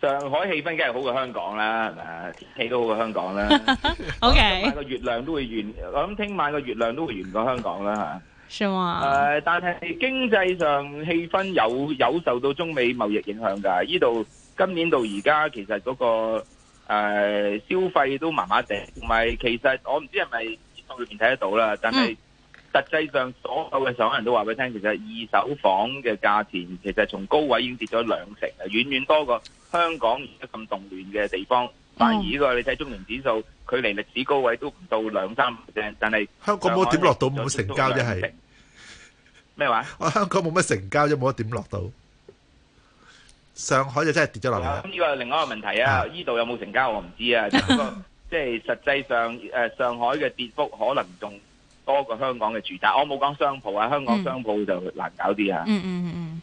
上海氣氛梗係好過香港啦，嗱，天氣都好過香港啦。O K，聽晚個月亮都會圓，我諗聽晚個月亮都會圓過香港啦。係嘛？誒，但係經濟上氣氛有有受到中美貿易影響㗎。依度今年到而家，其實嗰個誒消費都麻麻地，同埋其實我唔知係咪直播裏面睇得到啦，但係。實際上，所有嘅上海人都話俾你聽，其實二手房嘅價錢其實從高位已經跌咗兩成，遠遠多過香港而家咁動亂嘅地方。反而呢個你睇中原指數，佢離歷史高位都唔到兩三 percent，但係香港冇點落到冇成交，真係咩話？我香港冇乜成交，都冇一點落到。上海就真係跌咗落嚟啦。呢個係另外一個問題啊！呢度有冇成交我唔知啊。不過即係實際上，誒，上海嘅跌幅可能仲。多過香港嘅住宅，我冇講商鋪啊，香港商鋪就難搞啲啊。嗯嗯嗯。嗯嗯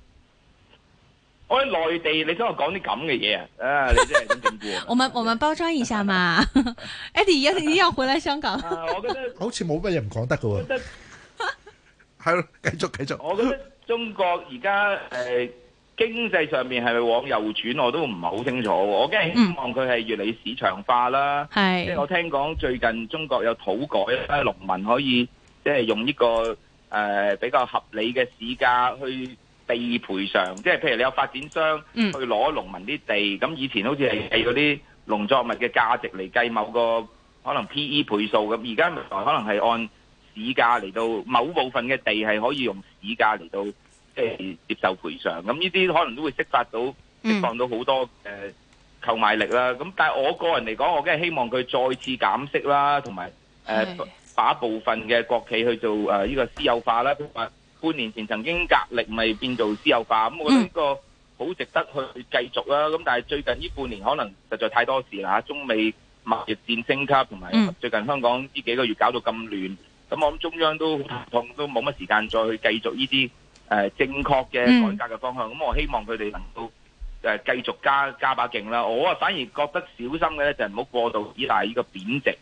我喺內地，你想我講啲咁嘅嘢啊？啊，你真係咁偏頗。我們我們包裝一下嘛，Andy 要要要回來香港。 啊、我覺得好似冇乜嘢唔講得嘅喎。係 咯，繼續繼續。我覺得中國而家誒經濟上面係咪往右轉，我都唔係好清楚。我梗係希望佢係越嚟市場化啦。係、嗯，即係我聽講最近中國有土改啦，農民可以即係用呢個誒、呃、比較合理嘅市價去。第二，賠償，即係譬如你有發展商去攞農民啲地，咁、嗯、以前好似係計嗰啲農作物嘅價值嚟計某個可能 P E 倍數咁，而家可能係按市價嚟到某部分嘅地係可以用市價嚟到即係、就是、接受賠償，咁呢啲可能都會釋發到、嗯、釋放到好多誒、呃、購買力啦。咁但係我個人嚟講，我梗係希望佢再次減息啦，同埋誒把部分嘅國企去做誒呢、呃這個私有化啦。半年前曾經格力咪變做私有化，咁我覺得呢個好值得去繼續啦。咁但係最近呢半年可能實在太多事啦，中美貿易戰升級，同埋最近香港呢幾個月搞到咁亂，咁我諗中央都好頭痛，都冇乜時間再去繼續呢啲誒正確嘅改革嘅方向。咁我希望佢哋能夠誒繼續加加把勁啦。我啊反而覺得小心嘅咧，就係唔好過度依賴呢個貶值。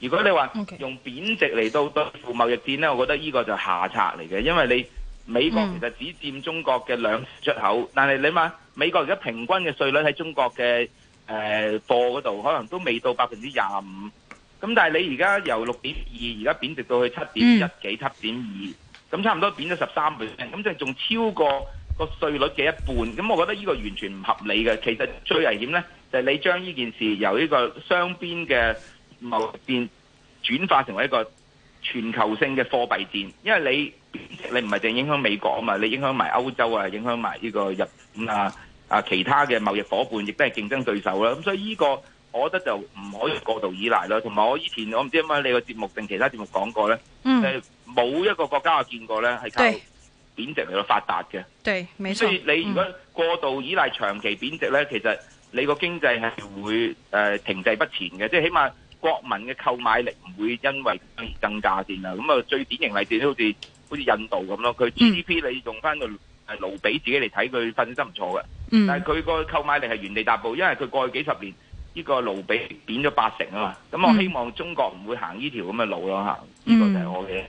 如果你話用貶值嚟到對付貿易戰呢、okay. 我覺得呢個就下策嚟嘅，因為你美國其實只佔中國嘅兩次出口，嗯、但係你嘛，美國而家平均嘅稅率喺中國嘅誒、呃、貨嗰度，可能都未到百分之廿五。咁但係你而家由六點二而家貶值到去七點一幾七點二，咁差唔多貶咗十三 percent。e r 咁即係仲超過個稅率嘅一半。咁我覺得呢個完全唔合理嘅。其實最危險呢，就係、是、你將呢件事由呢個雙邊嘅，貿易戰轉化成為一個全球性嘅貨幣戰，因為你你唔係淨係影響美國啊嘛，你影響埋歐洲啊，影響埋呢個日本啊、啊其他嘅貿易夥伴亦都係競爭對手啦。咁所以呢個我覺得就唔可以過度依賴啦。同埋我以前我唔知點解，你個節目定其他節目講過呢，誒、嗯、冇一個國家我見過呢係靠貶值嚟到發達嘅。對，對，冇錯，所以你如果過度依賴、嗯、長期貶值呢，其實你個經濟係會誒、呃、停滯不前嘅，即係起碼。國民嘅購買力唔會因為佢而增加先啦，咁啊最典型例子都好似好似印度咁咯，佢 GDP、嗯、你用翻個係盧比自己嚟睇，佢瞓得唔錯嘅，但係佢個購買力係原地踏步，因為佢過去幾十年呢、呢個盧比貶咗八成啊嘛，咁我希望中國唔會行呢條咁嘅路咯嚇，呢、呢個就係我嘅。嗯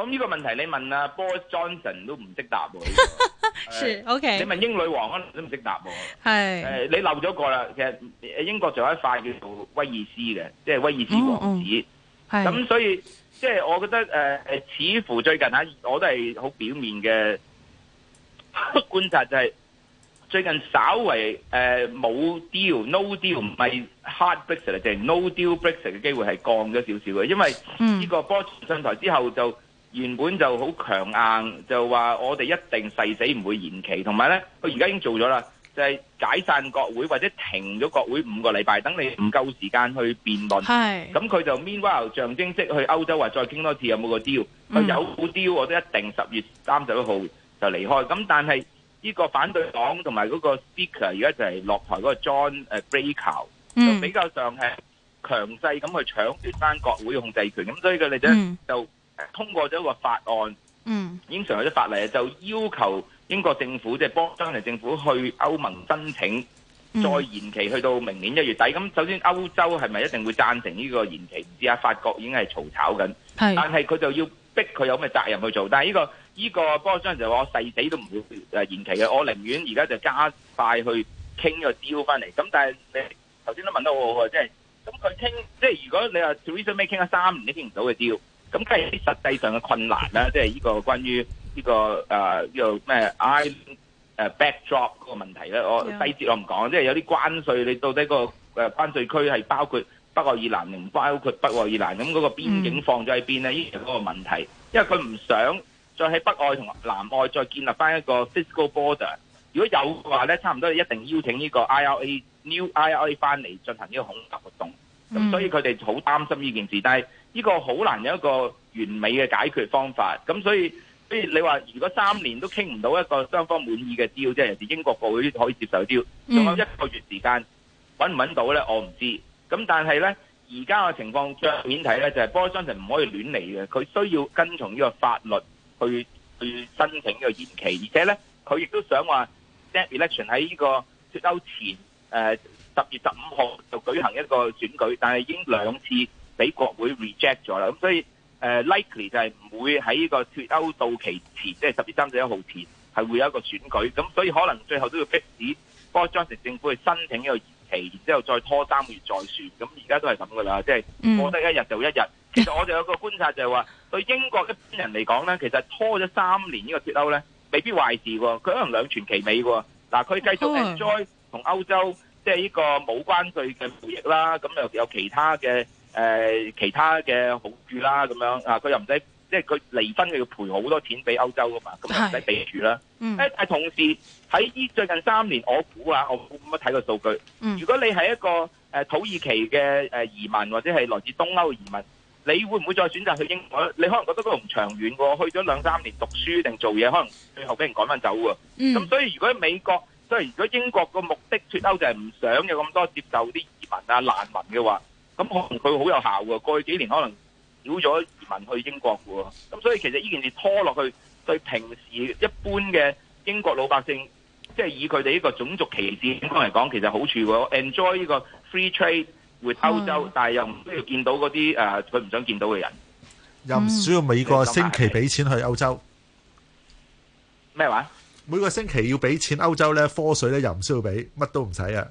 咁、這、呢個問題你問阿 Boris Johnson 都唔識答喎 okay，你問英女王可能都唔識答喎，係、呃、你漏咗個啦。其實英國仲有一塊叫做威爾斯嘅，即係威爾斯王子。咁、嗯嗯嗯、所以即係我覺得誒誒、呃，似乎最近啊，我都係好表面嘅觀察、就是，就係最近稍為誒冇 deal，no deal 唔係 hard Brexit 就定 no deal Brexit 嘅機會係降咗少少嘅，因為呢個 Boris 上台之後就。原本就好強硬，就話我哋一定誓死唔會延期，同埋咧佢而家已經做咗啦，就係、是、解散國會或者停咗國會五個禮拜，等你唔夠時間去辯論，咁，佢就 Meanwhile 象徵式去歐洲話再傾多次有冇個 deal？、嗯、有個 deal 我都一定十月三十一號就離開，咁但係呢、這個反對黨同埋嗰個 Speaker 而家就係落台嗰個 John 誒、uh, Bercow，、嗯、就比較上係強制咁去搶奪翻國會控制權，咁所以佢哋就。嗯就通過咗一個法案，嗯，已經成咗啲法例就要求英國政府即係 Boris 政府去歐盟申請、嗯、再延期去到明年一月底。咁首先歐洲係咪一定會讚成呢個延期唔知啊？法國已經係嘈炒緊，但係佢就要逼佢有咩責任去做。但係呢個呢個，Boris、這個、我張人就話誓死都唔會誒延期嘅。我寧願而家就加快去傾個 deal 翻嚟。咁但係你頭先都問得好好嘅，即係咁佢傾，即係、就是、如果你話 Teresa May 傾咗三年都傾唔到嘅 deal。咁計啲實際上嘅困難啦，即係呢個關於呢、這個誒依咩 I Backdrop 嗰個 back 問題咧，我細節我唔講，即、yeah. 係有啲關稅，你到底個誒關稅區係包括北愛爾蘭定唔包括北愛爾蘭？咁嗰個邊境放咗喺邊咧？依係嗰個問題，因為佢唔想再喺北愛同南愛再建立翻一個 fiscal border。如果有嘅話咧，差唔多一定邀請呢個 IRA New IRA 翻嚟進行呢個恐襲活動。咁、mm. 所以佢哋好擔心呢件事，但呢、這個好難有一個完美嘅解決方法，咁所以譬如你話，如果三年都傾唔到一個雙方滿意嘅 d 即係人哋英國國會可以接受嘅，咁仲有一個月時間揾唔揾到咧，我唔知。咁但係咧，而家嘅情況桌面睇咧，就係 b r e 唔可以亂嚟嘅，佢需要跟從呢個法律去去申請呢個延期，而且咧佢亦都想話，election 喺呢個脫歐前，誒十月十五號就舉行一個選舉，但係已經兩次。俾國會 reject 咗啦，咁所以誒、uh, likely 就係唔會喺呢個脱歐到期、就是、13 13前，即係十月三十一號前，係會有一個選舉。咁所以可能最後都要逼使波士莊臣政府去申請一個延期，然之後再拖三個月再選。咁而家都係咁噶啦，即係過得一日就一日。其實我就有個觀察就係、是、話，對英國一般人嚟講咧，其實拖咗三年個脫呢個脱歐咧，未必壞事喎。佢可能兩全其美喎。嗱、啊，佢繼續 enjoy 同歐洲即係呢個冇關稅嘅貿易啦，咁又有其他嘅。誒其他嘅好處啦，咁樣啊，佢又唔使，即係佢離婚佢要賠好多錢俾歐洲噶嘛，咁唔使避住啦。但係、嗯、同時喺呢最近三年，我估啊，我咁樣睇個數據。如果你係一個誒土耳其嘅誒移民或者係來自東歐嘅移民，你會唔會再選擇去英國？你可能覺得都唔長遠喎，去咗兩三年讀書定做嘢，可能最後俾人趕翻走喎。咁、嗯、所以如果美國，所以如果英國個目的脱歐就係唔想有咁多接受啲移民啊難民嘅話。咁可能佢好有效嘅，過去幾年可能少咗移民去英國嘅喎，咁所以其實呢件事拖落去對平時一般嘅英國老百姓，即係以佢哋呢個種族歧視嚟講，其實好處喎，enjoy 呢個 free trade with 歐洲，嗯、但係又唔需要見到嗰啲誒佢唔想見到嘅人，嗯、又唔需要每個星期俾錢去歐洲，咩話？每個星期要俾錢歐洲咧，科水咧又唔需要俾，乜都唔使啊！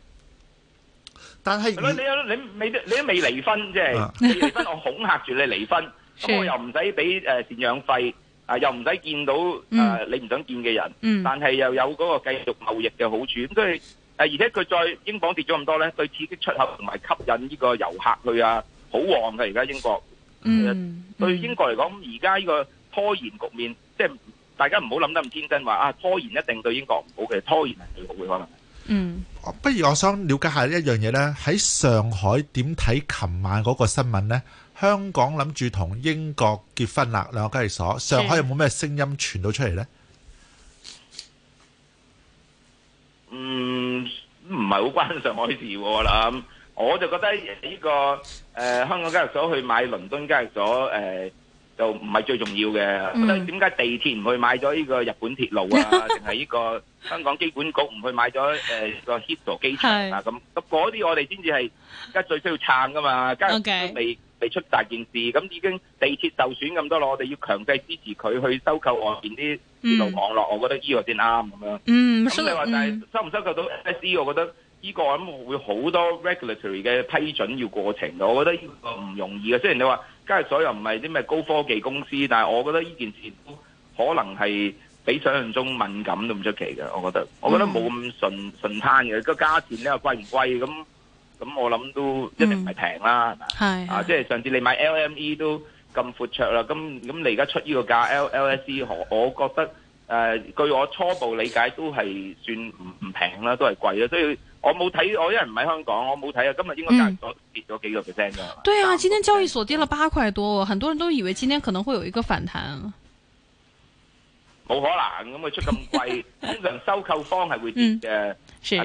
但係，你你你你都未離婚，即 係未離婚，我恐嚇住你離婚，咁 我又唔使俾誒贍養費，啊、呃、又唔使見到誒、呃嗯、你唔想見嘅人，嗯、但係又有嗰個繼續貿易嘅好處。咁佢誒而且佢再英鎊跌咗咁多咧，對刺激出口同埋吸引呢個遊客去啊，好旺嘅而家英國嗯、呃。嗯，對英國嚟講，而家呢個拖延局面，即、就、係、是、大家唔好諗得咁天真話啊，拖延一定對英國唔好嘅，拖延係最好嘅可能。嗯嗯，我不如我想了解下一樣嘢呢，喺上海點睇琴晚嗰個新聞呢？香港諗住同英國結婚啦，兩個交易所，上海有冇咩聲音傳到出嚟呢？嗯，唔係好關上海事喎，我諗我就覺得呢個誒香港交易所去買倫敦交易所誒。就唔係最重要嘅，咁點解地鐵唔去買咗呢個日本鐵路啊？定係呢個香港機管局唔去買咗誒、呃這個 Heathrow 機場啊？咁咁嗰啲我哋先至係而家最需要撐噶嘛，加上未未出大件事，咁已經地鐵受損咁多咯，我哋要強制支持佢去收購外邊啲鐵路網絡，嗯、我覺得呢個先啱咁樣。嗯，咁你話就係收唔收購到 SE？、嗯、我覺得。呢、這個咁會好多 regulatory 嘅批准要過程嘅，我覺得呢個唔容易嘅。雖然你話交易所又唔係啲咩高科技公司，但係我覺得呢件事都可能係比想象中敏感都唔出奇嘅。我覺得我覺得冇咁順順攤嘅，順的這個價錢咧又貴唔貴咁咁，那那我諗都一定唔係平啦，係、嗯、啊，即係上次你買 LME 都咁闊綽啦，咁咁你而家出呢個價 L LSE，我覺得誒、呃，據我初步理解都係算唔唔平啦，都係貴啦，所以。我冇睇，我因為唔喺香港，我冇睇啊。今日應該跌咗跌咗幾個 percent 咗。對啊，今天交易所跌咗八塊多，很多人都以為今天可能會有一個反彈。冇可能，咁佢出咁貴， 通常收購方係會跌嘅。嗯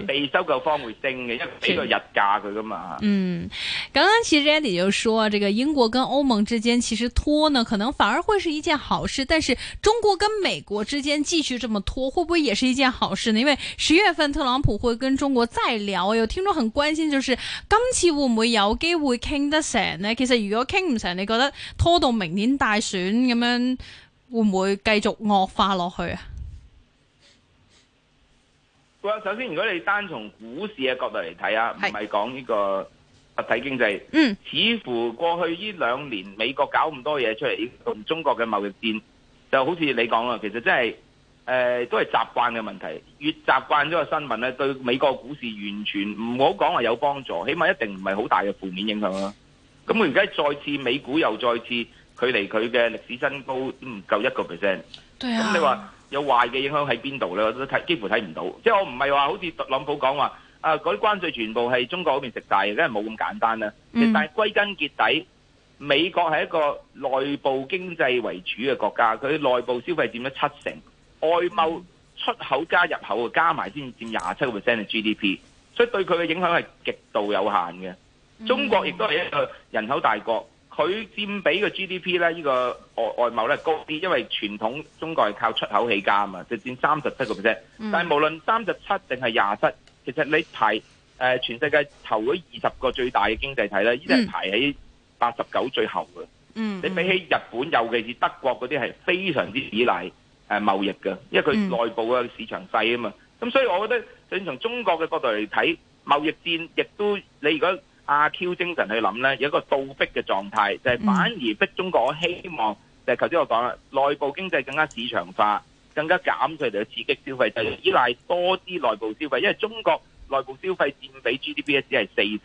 被收購方會升嘅，因為呢個日價佢噶嘛。嗯，剛剛其實 Andy 就說，這個英國跟歐盟之間其實拖呢，可能反而會是一件好事。但是中國跟美國之間繼續這麼拖，會不會也是一件好事呢？因為十月份特朗普會跟中國再聊，又聽到很關心，就是今次會唔會有機會傾得成呢？其實如果傾唔成，你覺得拖到明年大選咁樣會會，會唔會繼續惡化落去啊？首先，如果你單從股市嘅角度嚟睇啊，唔係講呢個實體經濟。嗯，似乎過去呢兩年美國搞咁多嘢出嚟，同中國嘅貿易戰就好似你講啊，其實真係誒、呃、都係習慣嘅問題。越習慣咗個新聞咧，對美國股市完全唔好講話有幫助，起碼一定唔係好大嘅負面影響啦。咁佢而家再次美股又再次距離佢嘅歷史新高都唔夠一個 percent。對啊。咁你話？有壞嘅影響喺邊度咧？我都睇幾乎睇唔到，即係我唔係話好似特朗普講話，啊嗰啲關稅全部係中國嗰邊食曬嘅，真係冇咁簡單啦。嗯、但係歸根結底，美國係一個內部經濟為主嘅國家，佢內部消費佔咗七成，外貿出口加入口啊加埋先佔廿七個 percent 嘅 GDP，所以對佢嘅影響係極度有限嘅。中國亦都係一個人口大國。佢佔比個 GDP 咧，依、這個外外貿咧高啲，因為傳統中國係靠出口起家啊嘛，就佔三十七個 percent。但係無論三十七定係廿七，其實你排誒、呃、全世界頭嗰二十個最大嘅經濟體咧，依、嗯、係排喺八十九最後嘅、嗯。你比起日本，尤其是德國嗰啲係非常之依賴誒、呃、貿易嘅，因為佢內部嘅市場細啊嘛。咁所以，我覺得就從中國嘅角度嚟睇，貿易戰亦都你如果。阿、啊、Q 精神去諗呢，有一個倒逼嘅狀態，就係、是、反而逼中國我希望，嗯、就係頭先我講啦，內部經濟更加市場化，更加減佢哋嘅刺激消費，就要、是、依賴多啲內部消費，因為中國內部消費占比 GDP 只係四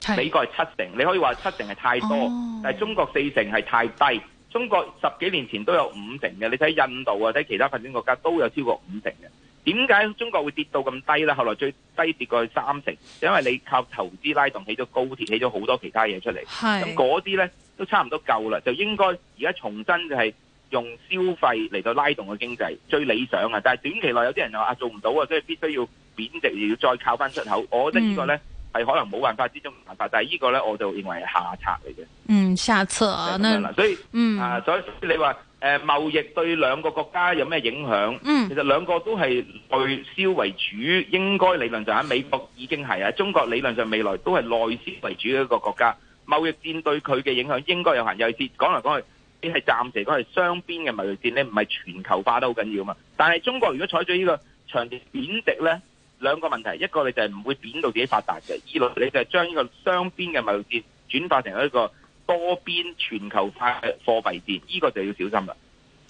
成，是美國係七成，你可以話七成係太多，哦、但係中國四成係太低，中國十幾年前都有五成嘅，你睇印度啊，睇其他發展國家都有超過五成嘅。點解中國會跌到咁低呢？後來最低跌過去三成，因為你靠投資拉動起咗高鐵，跌起咗好多其他嘢出嚟。咁嗰啲呢都差唔多夠啦，就應該而家重新就係用消費嚟到拉動嘅經濟，最理想啊！但係短期內有啲人又話、啊、做唔到啊，所以必須要貶值，要再靠翻出口。我覺得呢個呢，嗯係可能冇辦法之中唔辦法，但係呢個咧我就認為係下策嚟嘅。嗯，下策啊、就是，所以嗯啊，所以你話誒、呃、貿易對兩個國家有咩影響？嗯，其實兩個都係內銷為主，應該理論上喺、啊、美國已經係啊，中國理論上未來都係內銷為主嘅一個國家。貿易戰對佢嘅影響應該有限，尤其是講嚟講去，你係暫時講係雙邊嘅貿易戰呢唔係全球化都好緊要嘛。但係中國如果採取呢個長期貶值呢？兩個問題，一個你就係唔會貶到自己發達嘅；二來你就係將呢個雙邊嘅貿易戰轉化成一個多邊全球化貨幣戰，呢個就要小心了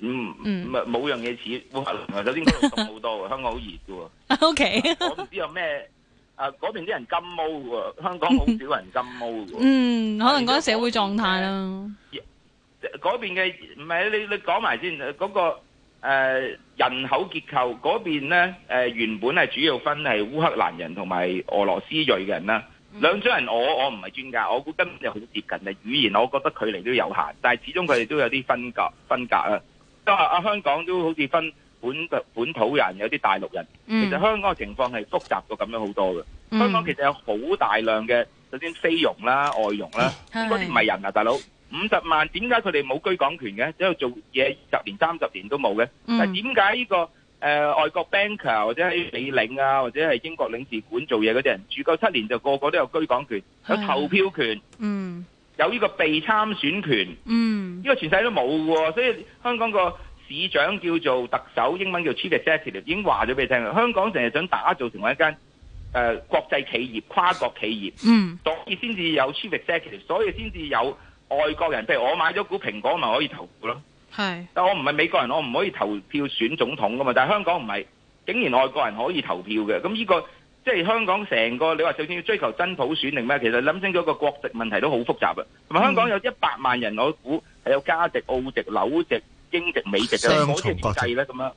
唔唔，冇樣嘢似烏克蘭。首先，佢凍好多，香港好熱嘅。OK，我唔知有咩，啊嗰邊啲人金毛嘅，香港好少人金毛嘅。嗯，可能嗰啲社會狀態啦。嗰邊嘅唔係，你你講埋先，嗰個誒人口結構嗰邊咧，誒原本係主要分係烏克蘭人同埋俄羅斯裔嘅人啦。兩種人，我我唔係專家，我估根本就好接近嘅語言，我覺得距離都有限，但始終佢哋都有啲分隔分隔啊。都啊，香港都好似分本本土人，有啲大陸人，嗯。其實香港嘅情況係複雜過咁樣好多嘅，嗯。香港其實有好大量嘅，首先菲傭啦、外傭啦，嗰啲唔係人啊，大佬五十萬，點解佢哋冇居港權嘅？喺度做嘢十年、三十年都冇嘅，嗯。但點解呢個？誒、呃、外國 banker 或者係美領啊，或者係英國領事館做嘢嗰啲人住夠七年就個個都有居港權，有投票權，有呢個被參選權，呢、嗯這個全世界都冇嘅，所以香港個市長叫做特首，英文叫 Chief Executive，已經話咗俾你聽，香港成日想打造成為一間誒、呃、國際企業、跨國企業，所以先至有 Chief Executive，所以先至有外國人，譬如我買咗股蘋果，咪可以投股咯。係，但我唔係美國人，我唔可以投票選總統噶嘛。但係香港唔係，竟然外國人可以投票嘅。咁呢個即係香港成個，你話首先要追求真普選定咩？其實諗清楚個國籍問題都好複雜啊。同埋香港有一百萬人我估係有加籍、澳籍、紐籍、英籍、美籍嘅，即係冇咩國際咧咁樣、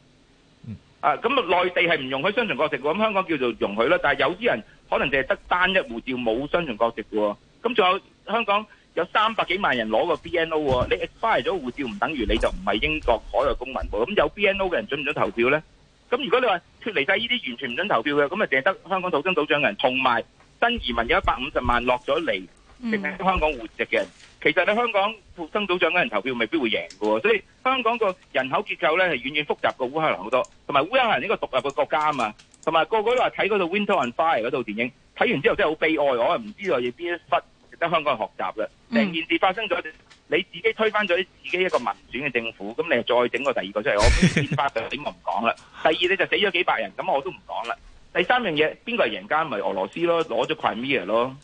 嗯。啊，咁啊內地係唔容許雙重國籍嘅，咁香港叫做容許啦。但係有啲人可能淨係得單一護照，冇雙重國籍嘅。咁仲有香港。有三百幾萬人攞個 BNO 喎，你 expire 咗護照唔等於你就唔係英國海外公民喎。咁有 BNO 嘅人準唔準投票呢？咁如果你話脫離晒呢啲完全唔準投票嘅，咁啊淨係得香港土生土長嘅人同埋新移民有一百五十萬落咗嚟，喺香港戶籍嘅人、嗯，其實你香港土生土長嘅人投票未必會贏嘅喎。所以香港個人口結構呢係遠遠複雜過烏克蘭好多，同埋烏克蘭呢個獨立嘅國家啊嘛，同埋個個都話睇嗰套 Winter and Fire 嗰套電影，睇完之後真係好悲哀，我唔知道要邊一忽。得香港去學習啦！成件事發生咗，你自己推翻咗自己一個民選嘅政府，咁你再整個第二個出嚟，我點我唔講啦。 第二你就死咗幾百人，咁我都唔講啦。第三樣嘢，邊個係贏家？咪、就是、俄羅斯咯，攞咗 Crimea 咯。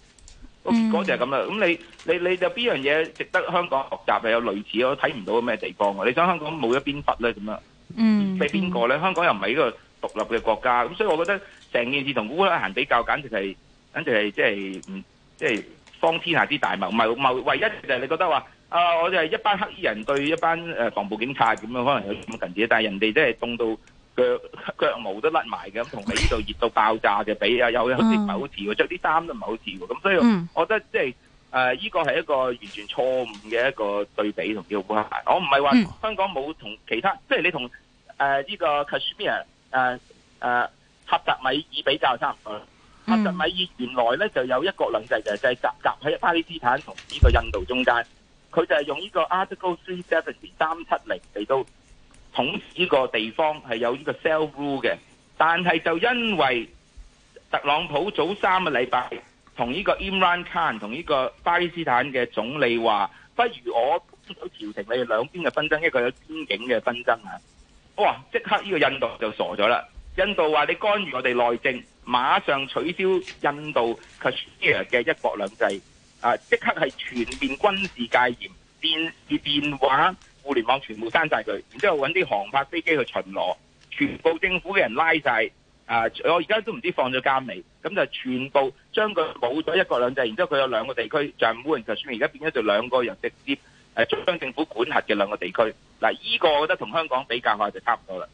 結果就係咁啦。咁、mm -hmm. 你你你就邊樣嘢值得香港學習係有類似？我睇唔到咩地方？你想香港冇咗邊法咧，咁啊？俾、mm、邊 -hmm. 個咧？香港又唔係一個獨立嘅國家，咁所以我覺得成件事同烏克蘭比較簡直係，簡直係簡直係即係唔即係。光天下之大謀，唔係謀唯一就係你覺得話啊，我哋係一班黑衣人對一班誒、呃、防暴警察咁樣可能有咁近啫，但係人哋真係凍到腳腳毛都甩埋咁同你呢度熱到爆炸嘅比啊，又好似唔係好似喎，著啲衫都唔係好似喎，咁所以我覺得即係誒呢個係一個完全錯誤嘅一個對比同叫啊，我唔係話香港冇同其他，即係你同誒呢個 Kashmir 喀什米爾達米爾比較差唔多，呃。其實咪原來咧就有一國兩制嘅，就係夾夾喺巴基斯坦同呢個印度中間。佢就係用呢個 Article Three Seventy 三七零嚟到統治呢個地方，係有呢個 self rule 嘅。但係就因為特朗普早三個禮拜同呢個 Imran Khan 同呢個巴基斯坦嘅總理話，不如我幫手調停你哋兩邊嘅紛爭，一個有邊境嘅紛爭啊！哇！即刻呢個印度就傻咗啦！印度話你干預我哋內政。馬上取消印度喀什米爾嘅一國兩制，啊，即刻係全面軍事戒嚴，電視、電話、互聯網全部閂晒佢，然之後揾啲航拍飛機去巡邏，全部政府嘅人拉晒。啊，我而家都唔知道放咗監未，咁就全部將佢冇咗一國兩制，然之後佢有兩個地區就冇人頭，而家變咗就兩個人直接係中央政府管轄嘅兩個地區，嗱，呢個我覺得同香港比較我就差唔多啦。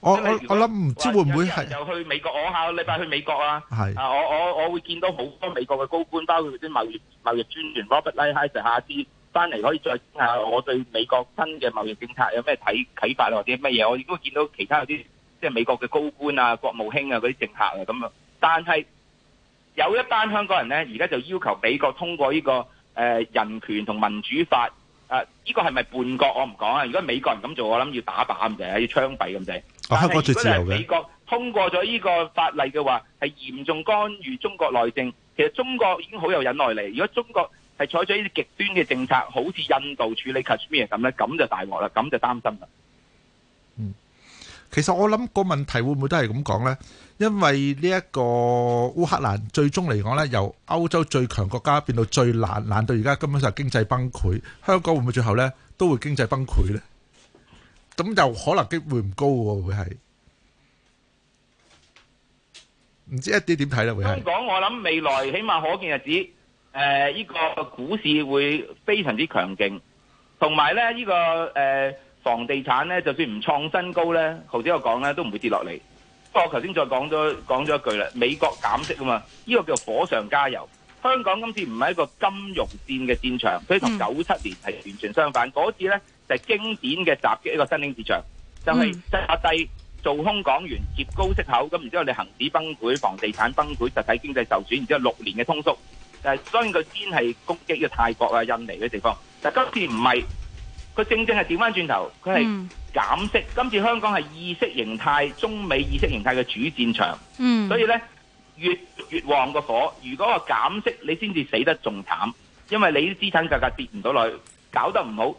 我我諗唔知會唔會係又去美國，我下個禮拜去美國啊！係啊，我我我會見到好多美國嘅高官，包括啲貿易貿易專員 Robert Lighthizer，下啲翻嚟，可以再聽下我對美國新嘅貿易政策有咩睇啟發啊，或者乜嘢？我亦都見到其他嗰啲即係美國嘅高官啊、國務卿啊嗰啲政客啊咁樣。但係有一班香港人咧，而家就要求美國通過呢、這個誒、呃、人權同民主法啊，呢、呃這個係咪叛國我唔講啊！如果美國人咁做，我諗要打靶咁滯，要槍斃咁滯。香港最自由嘅。如果美國通過咗呢個法例嘅話，係嚴重干預中國內政。其實中國已經好有忍耐力。如果中國係採取呢啲極端嘅政策，好似印度處理 Kashmir 咁咧，咁就大鑊啦，咁就擔心啦。嗯，其實我諗個問題會唔會都係咁講呢？因為呢一個烏克蘭最終嚟講呢由歐洲最強國家變到最難難到而家根本就經濟崩潰。香港會唔會最後呢都會經濟崩潰呢？咁又可能機會唔高喎，啊，會係唔知一啲點睇啦，啊，會。香港我諗未來起碼可見日子，呢，呃，依、這個股市會非常之強勁，同埋咧呢，這個，呃、房地產咧，就算唔創新高咧，頭先我講咧都唔會跌落嚟。不過我頭先再講咗講咗一句啦，美國減息啊嘛，呢，這個叫火上加油。香港今次唔係一個金融戰嘅戰場，佢同九七年係完全相反。嗰，嗯、次咧。就係、是、經典嘅襲擊一個新興市場，就係制壓制做空港元，接高息口，咁然之後你恒指崩潰，房地產崩潰，實體經濟受損，然之後六年嘅通縮。誒，當然佢先係攻擊嘅泰國啊、印尼嘅地方，但今次唔係，佢正正係調翻轉頭，佢係減息、嗯。今次香港係意識形態、中美意識形態嘅主戰場，嗯，所以咧越越旺個火，如果話減息，你先至死得仲慘，因為你啲資產價格，格跌唔到落去，搞得唔好。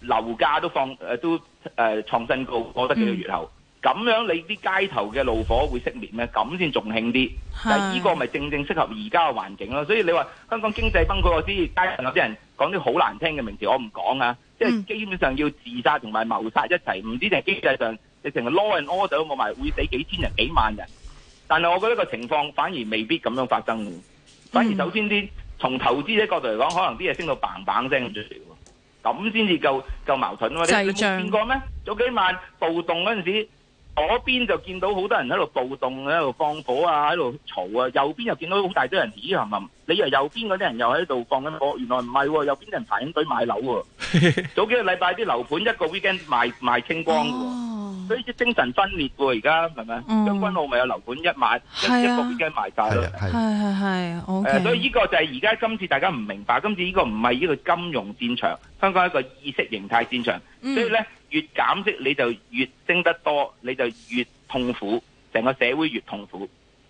樓價都放都誒、呃、創新高，過得幾個月後，咁、嗯、樣你啲街頭嘅怒火會熄滅咩？咁先仲興啲，但係呢依個咪正正適合而家嘅環境咯。所以你話香港經濟崩潰嗰啲街頭有啲人講啲好難聽嘅名字，我唔講啊，即、就、係、是、基本上要自殺同埋謀殺一齊，唔、嗯、知定係經濟上成情 law and order 都冇埋，會死幾千人幾萬人。但係我覺得個情況反而未必咁樣發生，反而首先啲，從投資者角度嚟講，可能啲嘢升到 bang bang 聲咁。咁先至夠夠矛盾喎？你冇見過咩？早幾晚暴動嗰陣時，左邊就見到好多人喺度暴動，喺度放火啊，喺度嘈啊。右邊又見到好大堆人咦冚冚。你以為右邊嗰啲人又喺度放緊火？原來唔係喎，右邊啲人排緊隊買樓喎。早幾個禮拜啲樓盤一個 weekend 賣賣清光嘅喎。所以啲精神分裂喎，而家係咪？將軍澳咪有樓盤一賣、嗯，一、啊、一屋已經賣晒。咯、啊。係係、啊啊、所以呢個就係而家今次大家唔明白，今次呢個唔係呢個金融戰場，香港一個意識形態戰場。嗯、所以咧，越減息你就越升得多，你就越痛苦，成個社會越痛苦。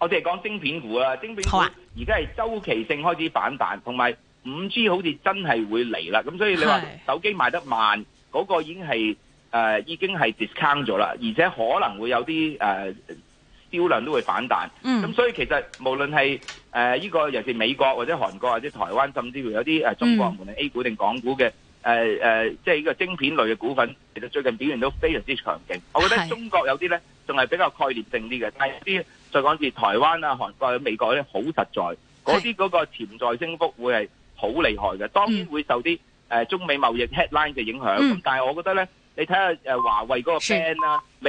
我哋係講晶片股啊，晶片股而家係周期性開始反彈，同埋五 G 好似、啊、真係會嚟啦。咁所以你話手機賣得慢，嗰、那個已經係誒、呃、已經係 discount 咗啦，而且可能會有啲誒、呃、銷量都會反彈。咁、嗯、所以其實無論係誒呢個尤其美國或者韓國或者台灣，甚至乎有啲誒中國門、嗯、A 股定港股嘅誒即係呢個晶片類嘅股份，其實最近表現都非常之強勁。我覺得中國有啲咧仲係比較概念性啲嘅，但係啲。再講次台灣啊、韓國、啊、美國咧，好實在，嗰啲嗰個潛在升幅會係好厲害嘅，當然會受啲誒、呃、中美貿易 headline 嘅影響。嗯、但係我覺得咧，你睇下誒華為嗰個 ban 啦、啊，美。Okay.